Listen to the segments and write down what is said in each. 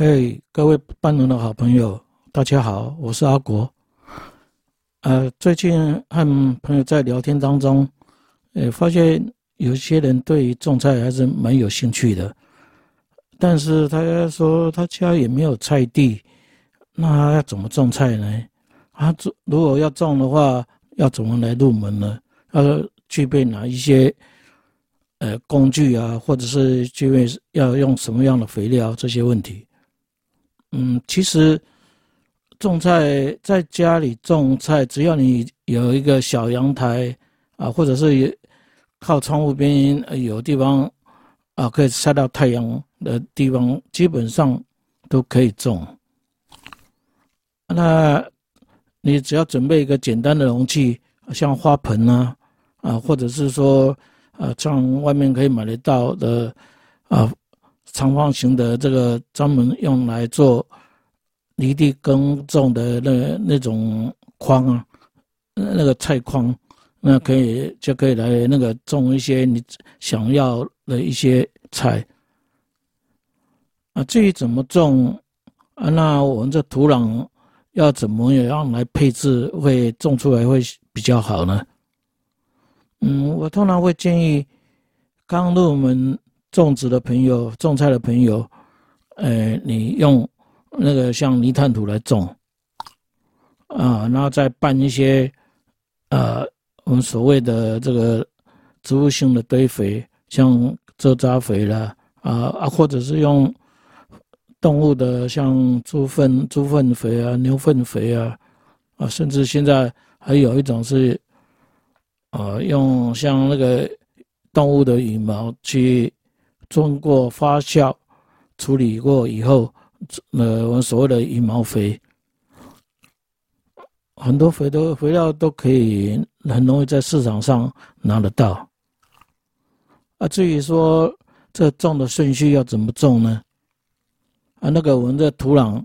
哎，hey，各位班農的好朋友，大家好，我是阿國。呃，最近和朋友在聊天當中，呃，發現有些人對於種菜還是蠻有興趣的，但是他說他家也沒有菜地，那他要怎麼種菜呢？他如果要種的話，要怎麼來入門呢？他說具備哪一些呃工具啊，或者是具備要用什麼樣的肥料，這些問題。嗯，其實種菜在家裡種菜，只要你有一個小陽台啊，或者是靠窗戶邊有地方啊，可以曬到太陽的地方，基本上都可以種。那你只要準備一個簡單的容器，像花盆啊，啊，或者是說，啊，像外面可以買得到的，啊。長方形的這個專門用來做離地耕種的那那種筐啊，那個菜筐，那可以、嗯、就可以來那個種一些你想要的一些菜。啊，至於怎麼種啊，那我們這土壤要怎麼樣來配置會種出來會比較好呢？嗯，我通常會建議剛入門。種植的朋友，種菜的朋友，呃，你用那個像泥炭土來種，啊，然後再拌一些，呃、啊，我們所謂的這個植物性的堆肥，像蔗渣肥了，啊啊，或者是用動物的像，像豬糞、豬糞肥啊、牛糞肥啊，啊，甚至現在還有一種是，啊，用像那個動物的羽毛去。種過發酵處理過以後，呃，我們所謂的羽毛肥，很多肥都肥料都可以，很容易在市場上拿得到。啊至，至於說這種的順序要怎麼種呢？啊，那個我們的土壤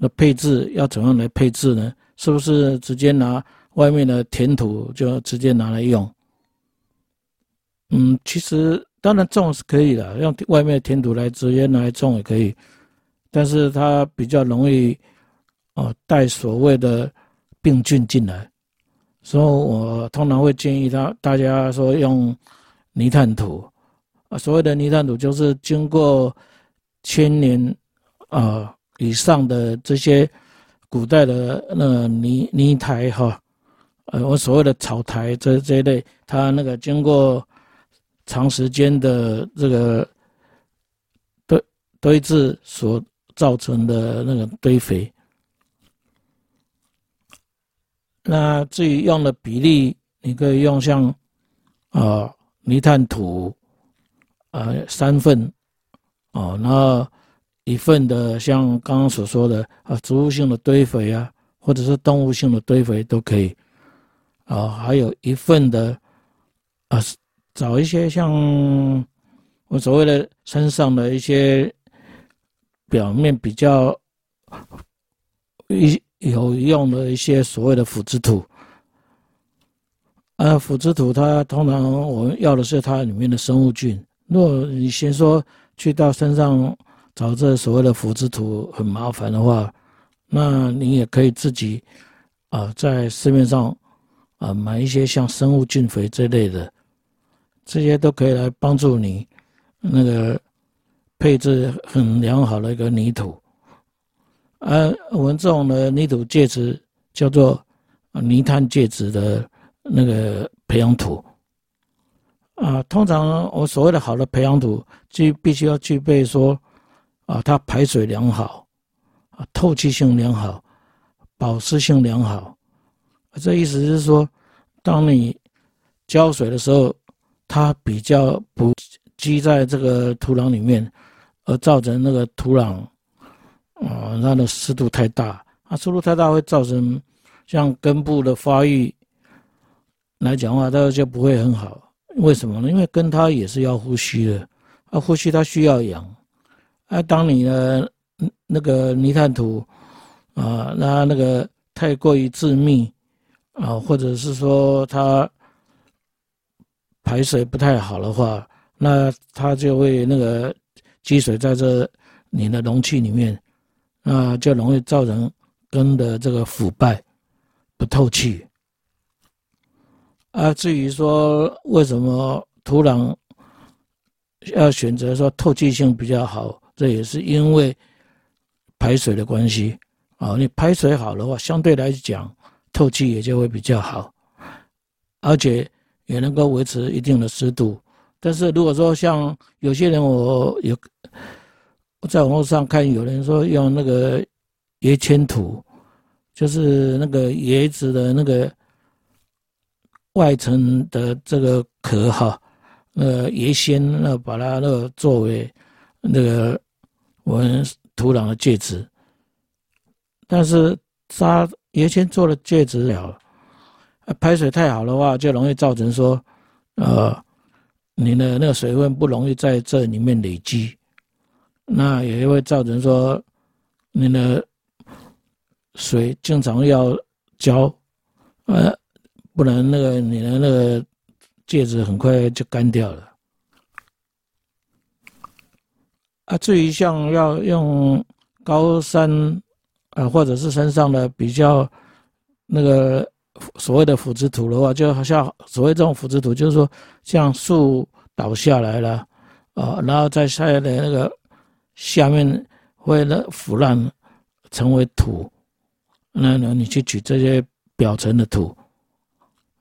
的配置要怎樣來配置呢？是不是直接拿外面的填土就直接拿來用？嗯，其實。當然種是可以的，用外面的田土來直接拿來種也可以，但是它比較容易，哦、呃、帶所謂的病菌進來，所以我通常會建議他大家說用泥炭土，啊、所謂的泥炭土就是經過千年啊、呃、以上的這些古代的那個泥泥苔哈、啊，呃我所謂的草苔這這一類，它那個經過。長時間的這個堆堆置所造成的那個堆肥，那至於用的比例，你可以用像啊泥炭土，啊，三份，哦那一份的像剛剛所說的啊植物性的堆肥啊，或者是動物性的堆肥都可以，啊還有一份的啊。找一些像我所謂的山上的一些表面比較一有用的一些所謂的腐殖土，呃，腐殖土它通常我們要的是它裡面的生物菌。如果你先說去到山上找這所謂的腐殖土很麻煩的話，那你也可以自己啊，在市面上啊買一些像生物菌肥這類的。這些都可以來幫助你，那個配置很良好的一個泥土，而我們這種的泥土介質叫做泥炭介質的那個培養土啊。通常我所謂的好的培養土就必須要具備說啊，它排水良好，啊，透氣性良好，保濕性良好。這意思是說，當你澆水的時候，它比較不積在這個土壤裡面，而造成那個土壤，啊、呃，它的濕度太大。它濕度太大，會造成像根部的發育來講的話，它就不會很好。為什麼呢？因為根它也是要呼吸的，啊，呼吸它需要氧。啊，當你的那個泥炭土啊、呃，那它那個太過於致密啊、呃，或者是說它。排水不太好的話，那它就會那個積水在這你的容器裡面，那就容易造成根的這個腐敗、不透氣。啊，至於說為什麼土壤要選擇說透氣性比較好，這也是因為排水的關係啊。你排水好的話，相對來講透氣也就會比較好，而且。也能夠維持一定的濕度，但是如果說像有些人，我有我在網絡上看有人說用那個椰纖土，就是那個椰子的那個外層的這個殼哈，呃、那個，椰纖那把它那作為那個我們土壤的介質，但是沙椰纖做了介質了。啊，排水太好的話，就容易造成說，呃，你的那個水分不容易在這裡面累積，那也會造成說，你的水經常要澆，呃，不能那個你的那個介質，很快就乾掉了。啊，至於像要用高山啊、呃，或者是山上的比較那個。所謂的腐殖土的話，就好像所謂這種腐殖土，就是說像樹倒下來了，啊、呃，然後在下來的那個下面會腐爛成為土，那然後你去取這些表層的土，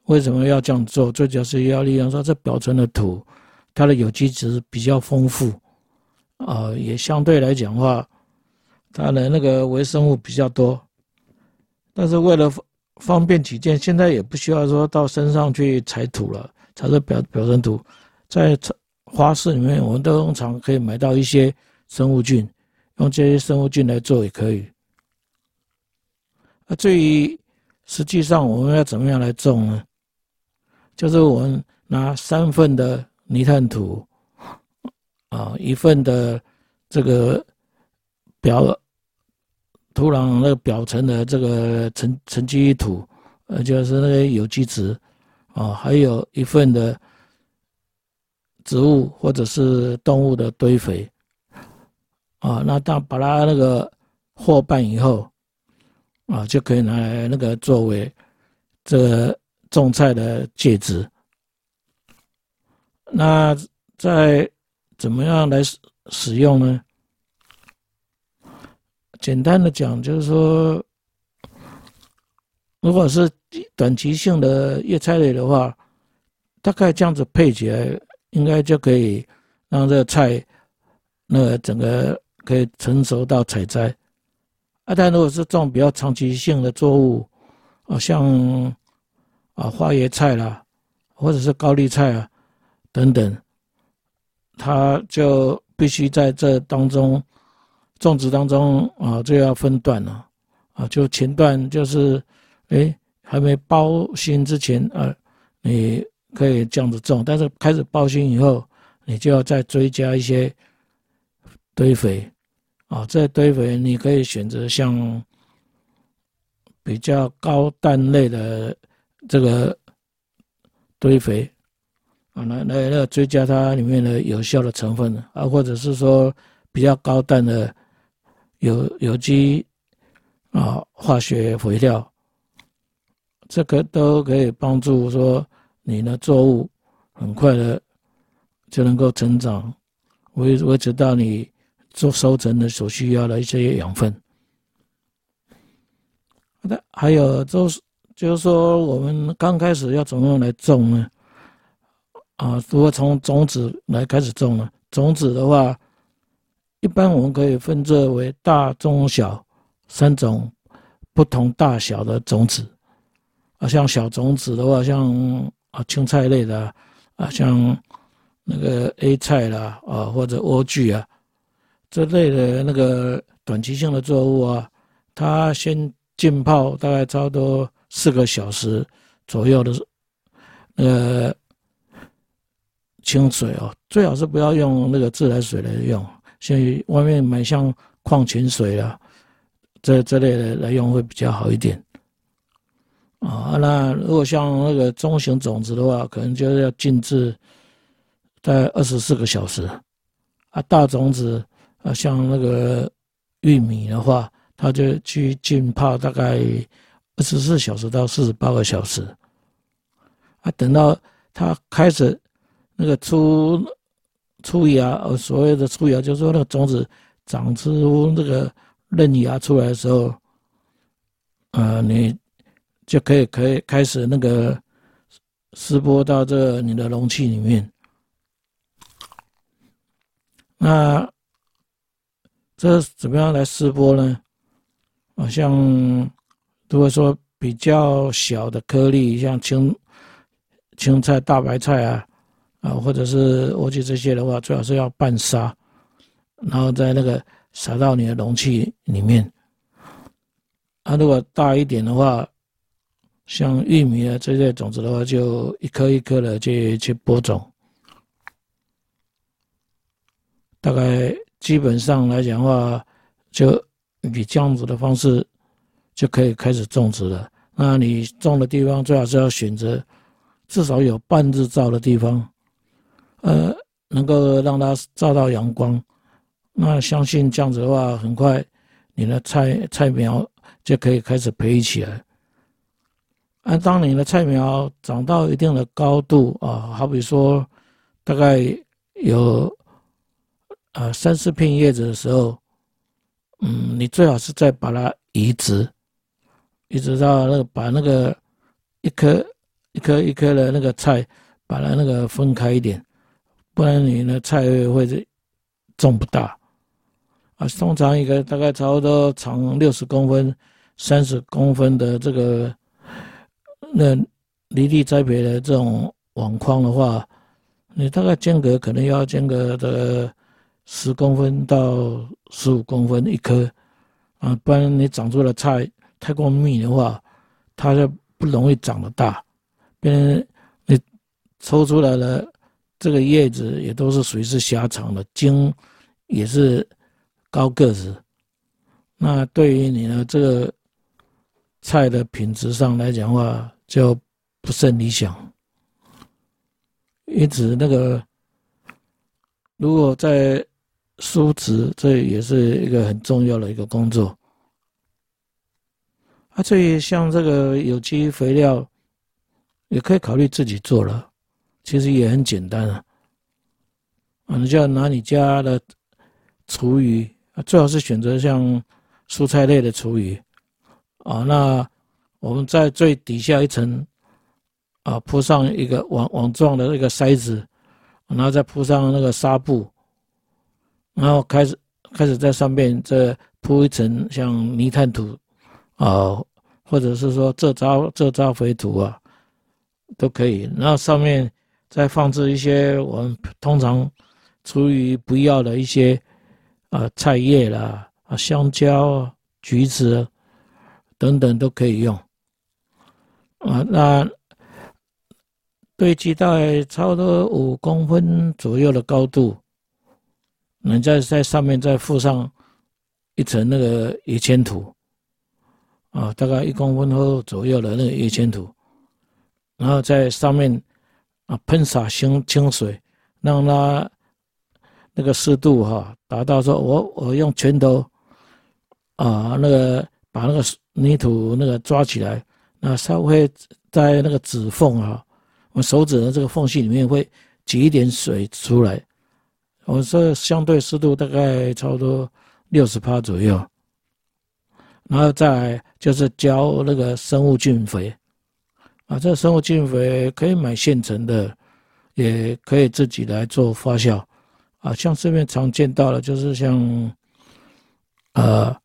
為什麼要這樣做？最主要是要利用說，這表層的土，它的有機質比較豐富，啊、呃，也相對來講的話，它的那個微生物比較多，但是為了。方便起見，現在也不需要說到山上去採土了，採這表表層土，在花市裡面我們都通常，常可以買到一些生物菌，用這些生物菌來做也可以。那、啊、至於實際上我們要怎麼樣來種呢？就是我們拿三份的泥炭土，啊，一份的這個表。土壤那個表層的這個沉沉積土，呃，就是那個有機質，啊，還有一份的植物或者是動物的堆肥，啊，那當把它那個和拌以後，啊，就可以拿來那個作為這個種菜的介質。那在怎麼樣來使使用呢？簡單的講，就是說，如果是短期性的葉菜類的話，大概這樣子配起來，應該就可以讓這個菜，那個整個可以成熟到採摘。啊，但如果是種比較長期性的作物，啊，像啊花椰菜啦，或者是高麗菜啊等等，它就必須在這當中。種植當中啊，就要分段了，啊，就前段就是，誒，還沒包心之前啊，你可以這樣子種，但是開始包心以後，你就要再追加一些堆肥，啊，這堆肥你可以選擇像比較高氮類的這個堆肥，啊，來來那個追加它裡面的有效的成分啊，或者是說比較高氮的。有有機，啊，化學肥料，這個都可以幫助說你的作物很快的就能夠成長，維維持到你做收成的所需要的一些養分。好的，還有就是就是說我們剛開始要怎麼樣來種呢？啊，如果從種子來開始種呢，種子的話。一般我們可以分作為大、中、小三種不同大小的種子啊，像小種子的話，像啊青菜類的啊，像那個 A 菜啦，啊，或者萵苣啊這類的那個短期性的作物啊，它先浸泡大概差不多四個小時左右的那個清水哦、喔，最好是不要用那個自來水來用。所以外面買像礦泉水啊，這這類的來用會比較好一點啊。那如果像那個中型種子的話，可能就要靜置在二十四個小時啊。大種子啊，像那個玉米的話，它就去浸泡大概二十四小時到四十八個小時啊。等到它開始那個出。出芽，呃，所謂的出芽，就是說那個種子長出那個嫩芽出來的時候，呃，你就可以可以開始那個濕播到這你的容器裡面。那這怎麼樣來濕播呢？啊，像如果說比較小的顆粒，像青青菜、大白菜啊。啊，或者是萵苣這些的話，最好是要拌沙，然後在那個撒到你的容器裡面。啊，如果大一點的話，像玉米啊這些種子的話，就一顆一顆的去去播種。大概基本上來講的話，就以這樣子的方式就可以開始種植了。那你種的地方最好是要選擇至少有半日照的地方。呃，能夠讓它照到陽光，那相信這樣子的話，很快你的菜菜苗就可以開始培育起來。按、啊、當你的菜苗長到一定的高度啊，好比說大概有啊三四片葉子的時候，嗯，你最好是再把它移植，移植到那個把那個一棵一棵一棵的那個菜，把它那個分開一點。不然你的菜會是種不大啊。通常一個大概差不多長六十公分，三十公分的這個那離地栽培的這種網筐的話，你大概間隔可能要間隔的十公分到十五公分一棵啊。不然你長出來的菜太過密的話，它就不容易長得大。變成，你抽出來了。這個葉子也都是屬於是狹長的，莖也是高個子，那對於你的這個菜的品質上來講的話，就不甚理想。因此，那個如果在疏植，這也是一個很重要的一個工作。啊，至於像這個有機肥料，也可以考慮自己做了。其實也很簡單啊，啊，你就要拿你家的廚餘啊，最好是選擇像蔬菜類的廚餘，啊，那我們在最底下一層啊鋪上一個網網狀的那個篩子，啊，然後再鋪上那個紗布，然後開始開始在上面再鋪一層像泥炭土啊，或者是說這招這招肥土啊，都可以。然後上面。再放置一些我們通常廚餘不要的一些啊菜葉啦，啊香蕉、橘子等等都可以用啊。那堆積差不多五公分左右的高度，你再在，在上面再附上一層那個椰纖土啊，大概一公分厚左右的那個椰纖土，然後在上面。噴灑清清水，讓它那個濕度哈達到說，說我我用拳頭啊、呃，那個把那個泥土那個抓起來，那稍微在那個指縫啊，我手指的這個縫隙裡面會擠一點水出來。我說相對濕度大概差不多六十趴左右，然後再就是澆那個生物菌肥。啊，這個生物菌肥可以買現成的，也可以自己來做發酵。啊，像市面常見到的，就是像，呃，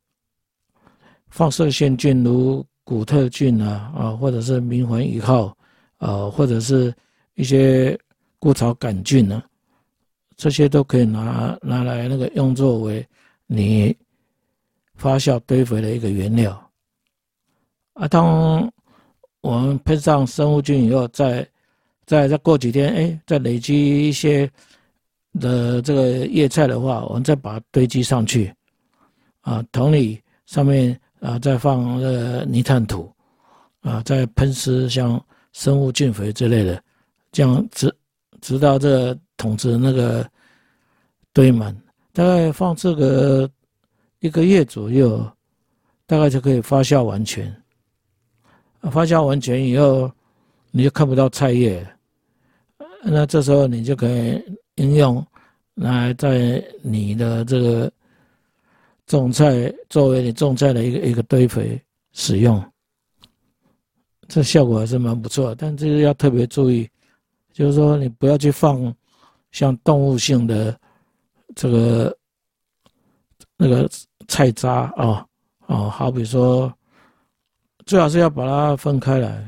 放射線菌如古特菌啊，啊，或者是明環一號，啊，或者是一些枯草桿菌呢，啊，這些都可以拿拿來那個用作為你發酵堆肥的一個原料。啊，當。我們噴上生物菌以後再，再再再過幾天，哎，再累積一些的這個葉菜的話，我們再把它堆積上去。啊，桶裡上面啊再放那個泥炭土，啊再噴施像生物菌肥之類的，這樣直直到這個桶子那個堆滿，大概放這個一個月左右，大概就可以發酵完全。發酵完全以後，你就看不到菜葉，那這時候你就可以應用來在你的這個種菜作為你種菜的一個一個堆肥使用，這效果還是蠻不錯。但這個要特別注意，就是說你不要去放像動物性的這個那個菜渣啊、哦，哦，好比說。最好是要把它分開來，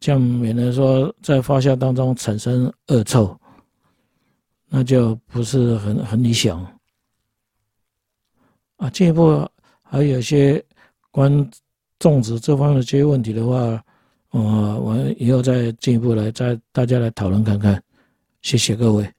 這樣免得說在發酵當中產生惡臭，那就不是很很理想。啊，進一步還有一些關種植這方面的這些問題的話，我、嗯、我以後再進一步來再大家來討論看看，謝謝各位。